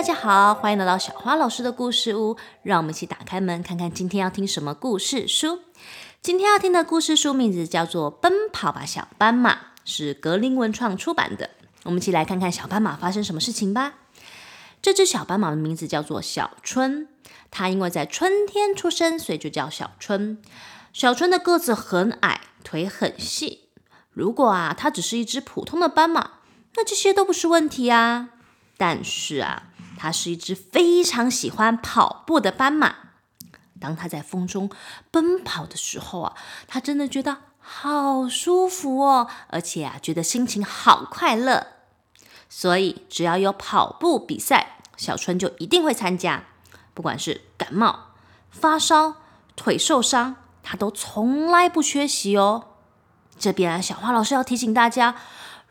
大家好，歡迎來到小花老師的故事屋。讓我們一起打開門，看看今天要聽什麼故事書。今天要聽的故事書名字叫做《奔跑吧，小斑馬》，是閣林文創出版的。我們一起來看看小斑馬發生什麼事情吧。這隻小斑馬的名字叫做小春，它因為在春天出生，所以就叫小春。小春的個子很矮，腿很細。如果啊，它只是一隻普通的斑馬，那這些都不是問題啊。但是啊。它是一隻非常喜歡跑步的斑馬。當它在風中奔跑的時候啊，它真的覺得好舒服哦，而且啊，覺得心情好快樂。所以只要有跑步比賽，小春就一定會參加。不管是感冒、發燒、腿受傷，它都從來不缺席哦。這邊啊，小花老師要提醒大家。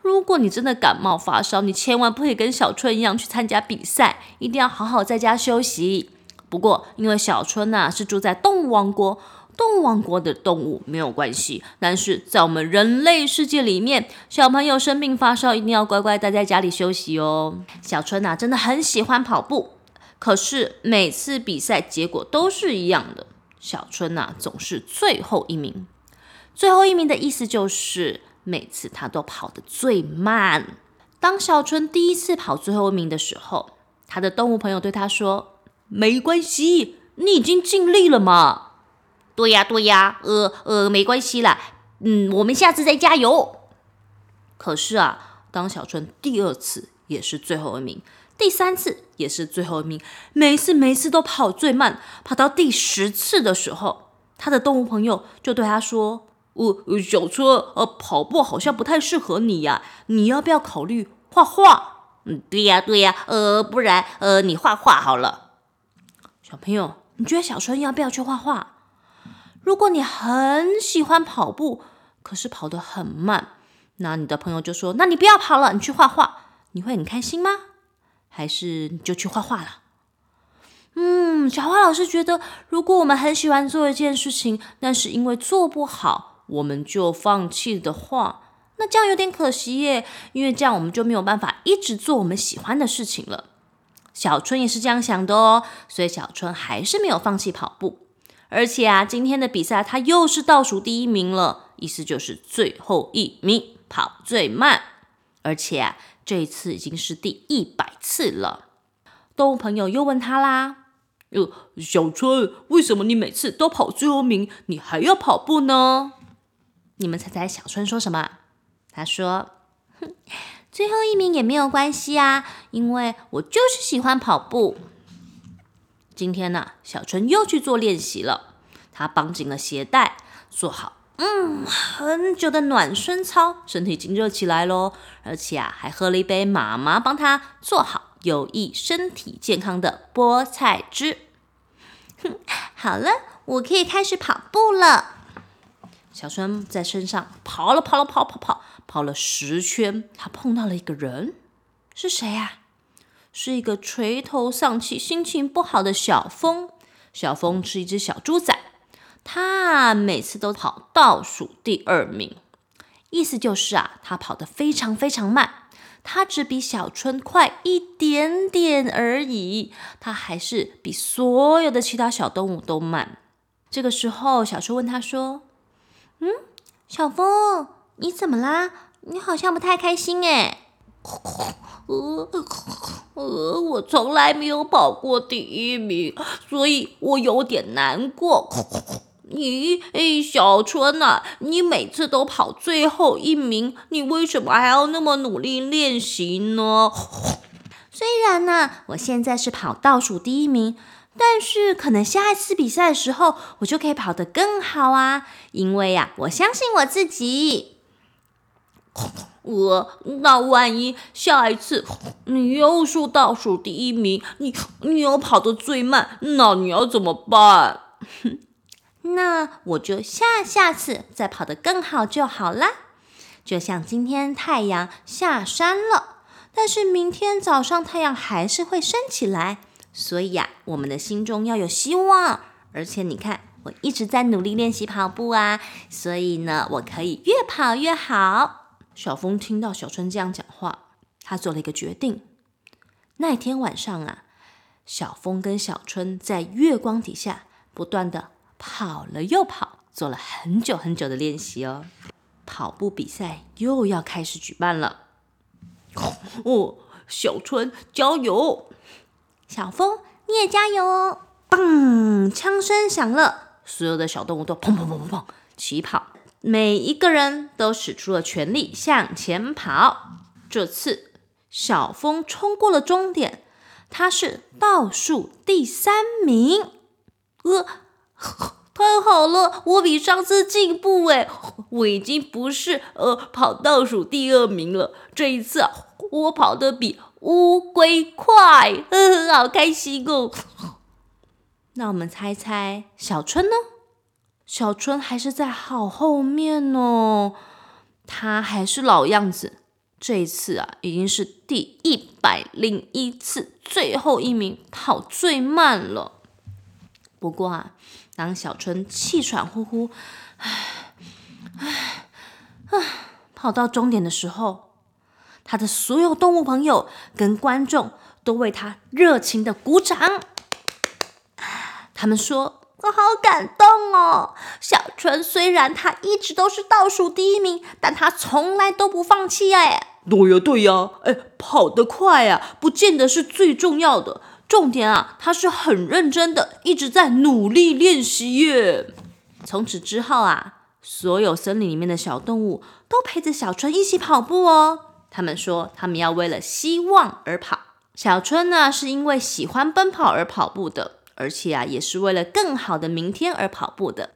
如果你真的感冒發燒，你千萬不可以跟小春一樣去參加比賽，一定要好好在家休息。不過，因為小春吶是住在動物王國，動物王國的動物沒有關係，但是在我們人類世界裡面，小朋友生病發燒一定要乖乖待在家裡休息哦。小春吶，真的很喜歡跑步，可是每次比賽結果都是一樣的，小春吶，總是最後一名。最後一名的意思就是。每次他都跑得最慢。當小春第一次跑最後一名的時候，他的動物朋友對他說：“沒關係，你已經盡力了嘛。對啊”“對呀，對呀，呃呃，沒關係啦。”“嗯，我們下次再加油。”可是啊，當小春第二次也是最後一名，第三次也是最後一名，每次每次都跑最慢。跑到第十次的時候，他的動物朋友就對他說。我、呃，小車，呃，跑步好像不太適合你呀，啊，你要不要考慮畫畫？嗯，啊，對呀，對呀，呃，不然，呃，你畫畫好了。小朋友，你覺得小春要不要去畫畫？如果你很喜歡跑步，可是跑得很慢，那你的朋友就說：“那你不要跑了，你去畫畫。”你會很開心嗎？還是你就去畫畫了？嗯，小花老師覺得，如果我們很喜歡做一件事情，但是因為做不好。我們就放棄的話，那這樣有點可惜耶，因為這樣我們就沒有辦法一直做我們喜歡的事情了。小春也是這樣想的哦，所以小春還是沒有放棄跑步。而且啊，今天的比賽他又是倒數第一名了，意思就是最後一名，跑最慢。而且啊，這一次已經是第一百次了。動物朋友又問他啦：“喲、嗯，小春，為什麼你每次都跑最後一名，你還要跑步呢？”你們猜猜小春說什麼？他說：“哼，最後一名也沒有關係啊，因為我就是喜歡跑步。”今天呢、啊，小春又去做練習了。他綁緊了鞋帶，做好嗯很久的暖身操，身體緊熱起來咯。而且啊，還喝了一杯媽媽幫他做好有益身體健康的菠菜汁。哼，好了，我可以開始跑步了。小春在身上跑了，跑了，跑，跑，跑，跑，跑了十圈。他碰到了一個人，是誰呀、啊？是一個垂頭喪氣、心情不好的小風。小風是一隻小豬仔，他每次都跑倒數第二名，意思就是啊，他跑得非常非常慢。他只比小春快一點點而已，他還是比所有的其他小動物都慢。這個時候，小春問他說。嗯，小風，你怎麼啦？你好像不太開心哎，呃。呃，我從來沒有跑過第一名，所以我有點難過。你，小春啊，你每次都跑最後一名，你為什麼還要那麼努力練習呢？雖然呢，我現在是跑倒數第一名。但是可能下一次比賽的時候，我就可以跑得更好啊！因為呀、啊，我相信我自己。呃，那萬一下一次你又是倒數第一名，你你又跑得最慢，那你要怎麼辦？ 那我就下下次再跑得更好就好啦。就像今天太陽下山了，但是明天早上太陽還是會升起來。所以呀、啊，我們的心中要有希望，而且你看，我一直在努力練習跑步啊，所以呢，我可以越跑越好。小峰聽到小春這樣講話，他做了一個決定。那天晚上啊，小峰跟小春在月光底下不斷的跑了又跑，做了很久很久的練習哦。跑步比賽又要開始舉辦了，哦，小春加油！小風，你也加油哦！嘣！槍聲響了，所有的小動物都砰砰砰砰砰起跑，每一個人都使出了全力向前跑。這次，小風衝過了終點，他是倒數第三名。呃，呵，太好了，我比上次進步哎，我已經不是呃跑倒數第二名了，這一次啊。我跑得比烏龜快，呵呵，好開心哦！那我們猜猜小春呢？小春還是在好後面哦，他還是老樣子，這一次啊已經是第一百零一次，最後一名，跑最慢了。不過啊，當小春氣喘吁吁，唉，唉，唉，跑到終點的時候。他的所有動物朋友跟觀眾都為他熱情的鼓掌。他們說，我好感動哦！小春雖然他一直都是倒數第一名，但他從來都不放棄哎。對呀對呀，哎，跑得快啊，不見得是最重要的。重點啊，他是很認真的，一直在努力練習耶。從此之後啊，所有森林裡面的小動物都陪着小春一起跑步哦。他們說，他們要為了希望而跑。小春呢，是因為喜歡奔跑而跑步的，而且啊，也是為了更好的明天而跑步的。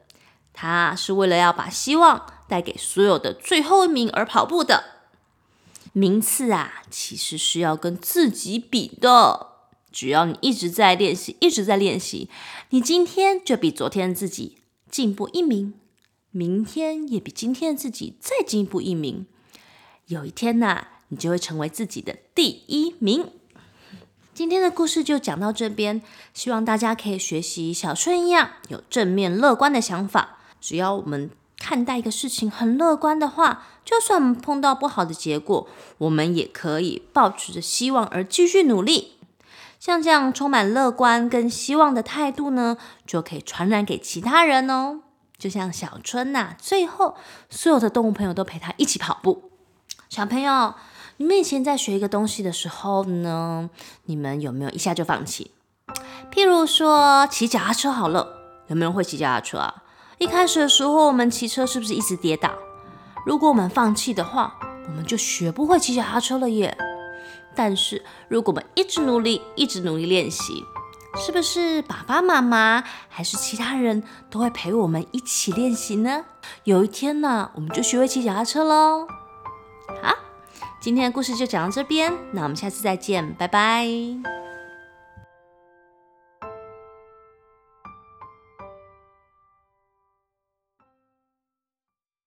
他是為了要把希望帶給所有的最後一名而跑步的。名次啊，其實是要跟自己比的。只要你一直在練習，一直在練習，你今天就比昨天自己進步一名，明天也比今天的自己再進步一名。有一天吶、啊，你就會成為自己的第一名。今天的故事就講到這邊，希望大家可以學習小春一樣有正面樂觀的想法。只要我們看待一個事情很樂觀的話，就算我們碰到不好的結果，我們也可以抱持着希望而繼續努力。像這樣充滿樂觀跟希望的態度呢，就可以傳染給其他人哦。就像小春吶、啊，最後所有的動物朋友都陪他一起跑步。小朋友，你們以前在學一個東西的時候呢，你們有沒有一下就放棄？譬如說騎腳踏車，好了，有沒有人會騎腳踏車啊？一開始的時候，我們騎車是不是一直跌倒？如果我們放棄的話，我們就學不會騎腳踏車了耶。但是如果我們一直努力，一直努力練習，是不是爸爸媽媽還是其他人都會陪我們一起練習呢？有一天呢、啊，我們就學會騎腳踏車嘍。好，今天的故事就講到這邊，那我們下次再見，拜拜。